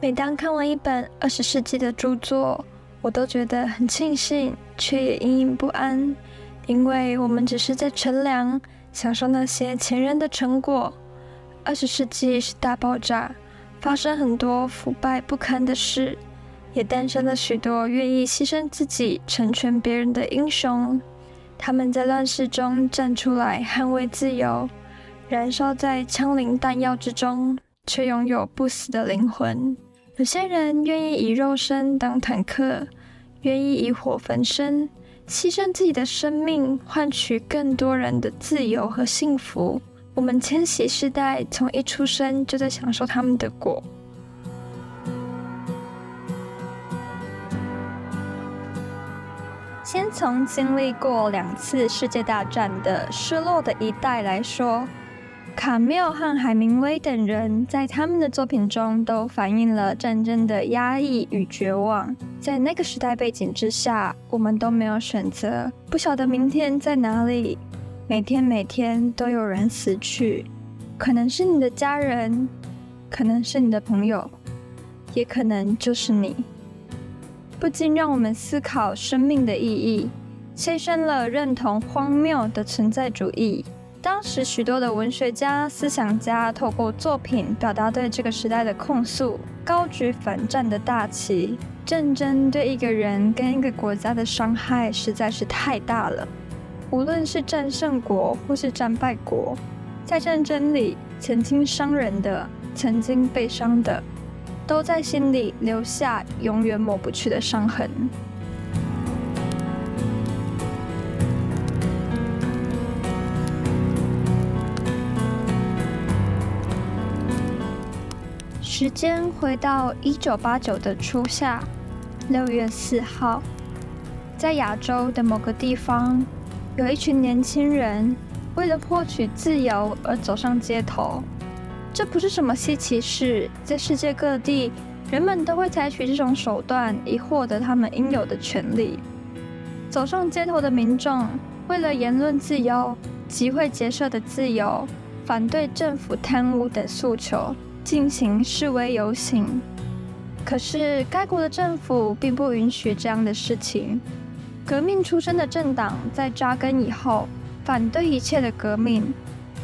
每當看完一本二十世紀的著作，我都覺得很慶幸，卻也隱隱不安，因為我們只是在乘涼，享受那些前人的成果。二十世紀是大爆炸，發生很多腐敗不堪的事，也誕生了許多願意犧牲自己成全別人的英雄。他們在亂世中站出來捍衛自由，燃燒在槍林彈藥之中。卻擁有不死的靈魂。有些人願意以肉身當坦克，願意以火焚身，犧牲自己的生命，換取更多人的自由和幸福。我們千禧世代從一出生就在享受他們的果。先從經歷過兩次世界大戰的失落的一代來說。卡繆和海明威等人在他們的作品中都反映了戰爭的壓抑與絕望。在那個時代背景之下，我們都沒有選擇。不曉得明天在哪裡，每天每天都有人死去，可能是你的家人，可能是你的朋友，也可能就是你。不禁讓我們思考生命的意義，催生了認同荒謬的存在主義。當時，許多的文學家、思想家透過作品表達對這個時代的控訴，高舉反戰的大旗。戰爭對一個人跟一個國家的傷害實在是太大了。無論是戰勝國或是戰敗國，在戰爭裡曾經傷人的、曾經被傷的，都在心裡留下永遠抹不去的傷痕。時間回到一九八九的初夏，六月四號，在亞洲的某個地方，有一群年輕人為了獲取自由而走上街頭。這不是什麼稀奇事，在世界各地，人們都會採取這種手段以獲得他們應有的權利。走上街頭的民眾為了言論自由、集會結社的自由、反對政府貪污等訴求。進行示威遊行，可是該國的政府並不允許這樣的事情。革命出身的政黨在扎根以後，反對一切的革命，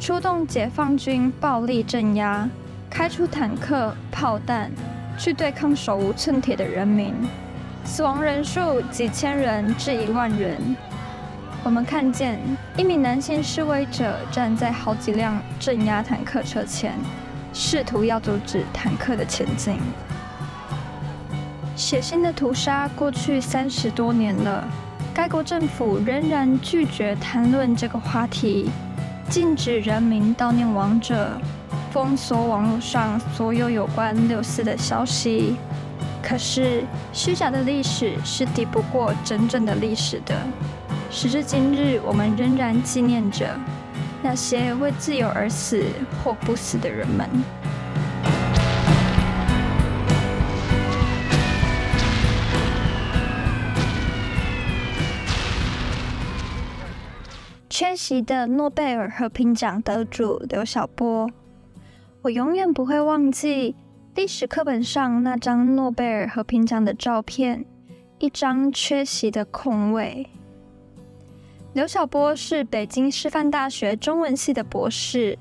出動解放軍暴力鎮壓，開出坦克、炮彈去對抗手無寸鐵的人民，死亡人數幾千人至一萬人。我們看見一名男性示威者站在好幾輛鎮壓坦克車前。試圖要阻止坦克的前進。血腥的屠殺過去三十多年了，該國政府仍然拒絕談論這個話題，禁止人民悼念亡者，封鎖網絡上所有有關六四的消息。可是，虛假的歷史是抵不過真正的歷史的。時至今日，我們仍然紀念着。那些為自由而死或不死的人們，缺席的諾貝爾和平獎得主劉曉波。我永遠不會忘記歷史課本上那張諾貝爾和平獎的照片，一張缺席的空位。劉曉波是北京師範大學中文系的博士，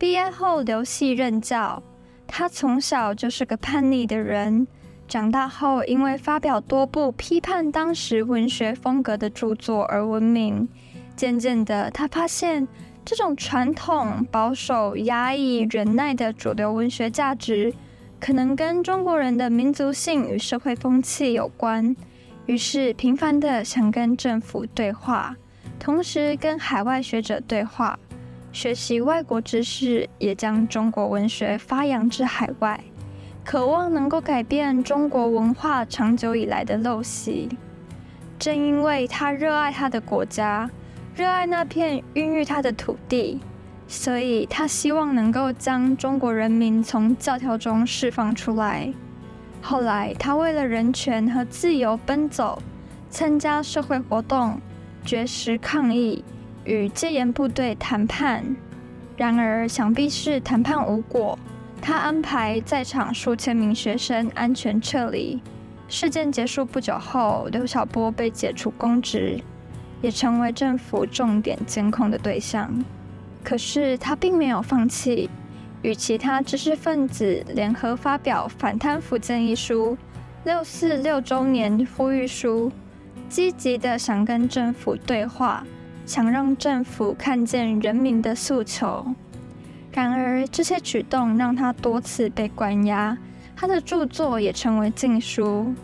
畢業後留系任教。他從小就是個叛逆的人，長大後因為發表多部批判當時文學風格的著作而聞名。漸漸的，他發現這種傳統保守、壓抑、忍耐的主流文學價值，可能跟中國人的民族性與社會風氣有關。於是，頻繁的想跟政府對話。同時跟海外學者對話，學習外國知識，也將中國文學發揚至海外，渴望能夠改變中國文化長久以來的陋習。正因為他熱愛他的國家，熱愛那片孕育他的土地，所以他希望能夠將中國人民從教條中釋放出來。後來，他為了人權和自由奔走，參加社會活動。絕食抗議，與戒嚴部隊談判。然而，想必是談判無果，他安排在場數千名學生安全撤離。事件結束不久後，劉曉波被解除公職，也成為政府重點監控的對象。可是，他並沒有放棄，與其他知識分子聯合發表《反貪腐建議書》《六四六周年呼籲書》。積極的想跟政府對話，想讓政府看見人民的訴求。然而，這些舉動讓他多次被關押，他的著作也成為禁書。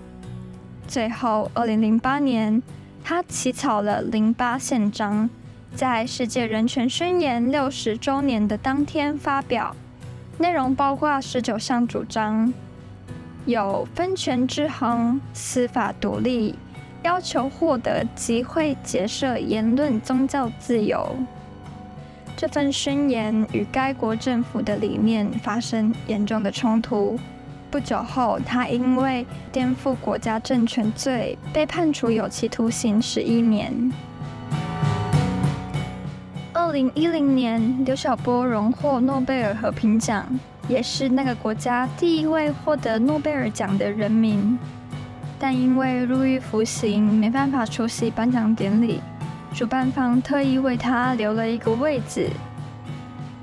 最後，二零零八年，他起草了《零八憲章》，在世界人權宣言六十周年的當天發表，內容包括十九項主張，有分權制衡、司法獨立。要求獲得集會、結社、言論、宗教自由。這份宣言與該國政府的理念發生嚴重的衝突。不久後，他因為顛覆國家政權罪被判處有期徒刑十一年。二零一零年，劉曉波榮獲諾貝爾和平獎，也是那個國家第一位獲得諾貝爾獎的人民。但因為入獄服刑，沒辦法出席頒獎典禮。主辦方特意為他留了一個位置。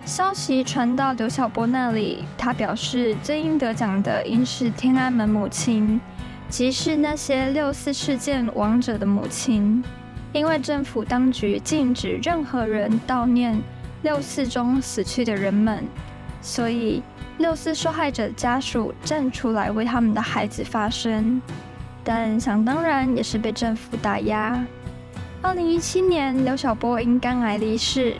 消息傳到劉曉波那裡，他表示，最應得獎的應是天安門母親，即是那些六四事件亡者的母親。因為政府當局禁止任何人悼念六四中死去的人們，所以六四受害者的家屬站出來為他們的孩子發聲。但想當然也是被政府打壓。二零一七年，劉曉波因肝癌離世。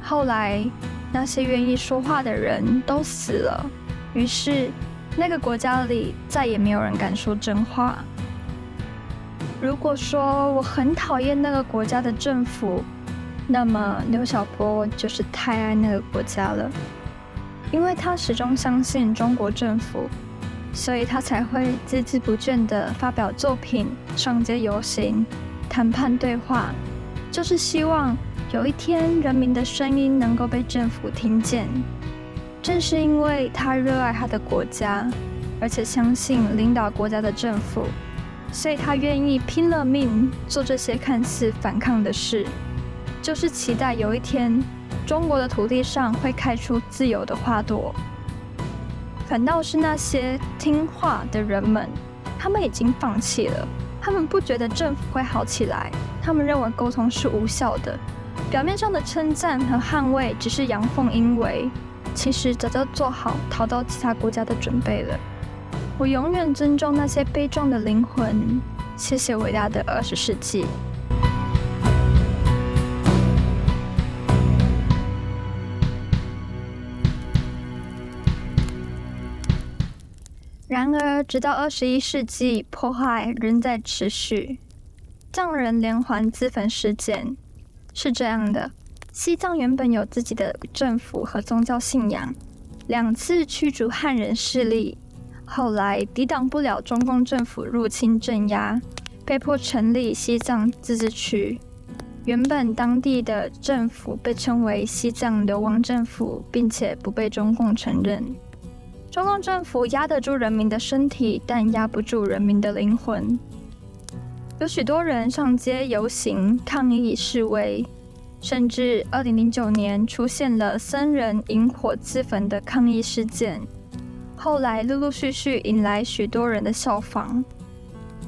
後來，那些願意說話的人都死了，於是那個國家裡再也沒有人敢說真話。如果說我很討厭那個國家的政府，那麼劉曉波就是太愛那個國家了，因為他始終相信中國政府。所以他才會孜孜不倦地發表作品、上街遊行、談判對話，就是希望有一天人民的聲音能夠被政府聽見。正是因為他熱愛他的國家，而且相信領導國家的政府，所以他願意拼了命做這些看似反抗的事，就是期待有一天中國的土地上會開出自由的花朵。反倒是那些聽話的人們，他們已經放棄了，他們不覺得政府會好起來，他們認為溝通是無效的，表面上的稱讚和捍衛只是陽奉陰違，其實早就做好逃到其他國家的準備了。我永遠尊重那些悲壯的靈魂，謝謝偉大的二十世紀。然而，直到二十一世紀，破壞仍在持續。藏人連環自焚事件是這樣的：西藏原本有自己的政府和宗教信仰，兩次驅逐漢人勢力，後來抵擋不了中共政府入侵鎮壓，被迫成立西藏自治區。原本當地的政府被稱為西藏流亡政府，並且不被中共承認。中共政府壓得住人民的身體，但壓不住人民的靈魂。有許多人上街遊行、抗議示威，甚至2009年出現了僧人引火自焚的抗議事件，後來陸陸續續引來許多人的效仿。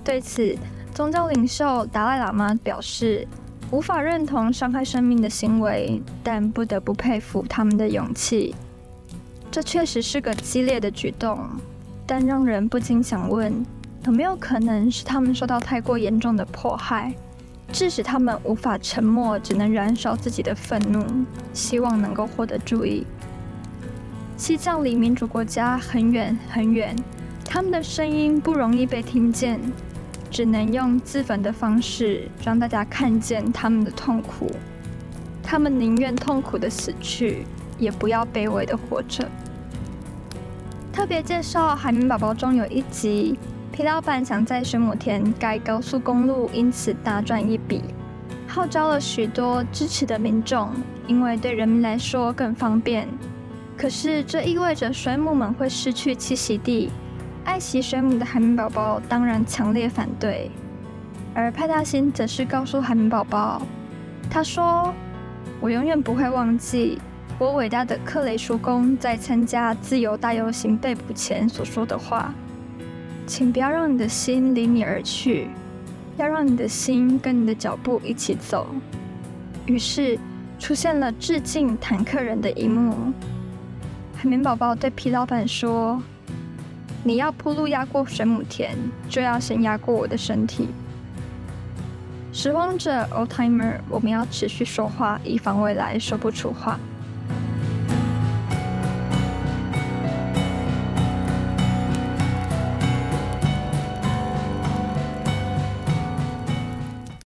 對此，宗教領袖達賴喇嘛表示無法認同傷害生命的行為，但不得不佩服他們的勇氣。這確實是個激烈的舉動，但讓人不禁想問：有沒有可能是他們受到太過嚴重的迫害，致使他們無法沉默，只能燃燒自己的憤怒，希望能夠獲得注意？西藏離民主國家很遠很遠，他們的聲音不容易被聽見，只能用自焚的方式讓大家看見他們的痛苦。他們寧願痛苦地死去。也不要卑微的活着。特別介紹《海綿寶寶》中有一集，皮老板想在水母田蓋高速公路，因此大賺一筆，號召了許多支持的民眾，因為對人民來說更方便。可是這意味着水母們會失去棲息地，愛惜水母的海綿寶寶當然強烈反對。而派大星則是告訴海綿寶寶，他說：“我永遠不會忘記。”我偉大的克雷叔公在參加自由大遊行被捕前所說的話：“請不要讓你的心離你而去，要讓你的心跟你的腳步一起走。”於是出現了致敬坦克人的一幕。海綿寶寶對皮老板說：“你要鋪路壓過水母田，就要先壓過我的身體。”拾荒者 Oldtimer，我們要持續說話，以防未來說不出話。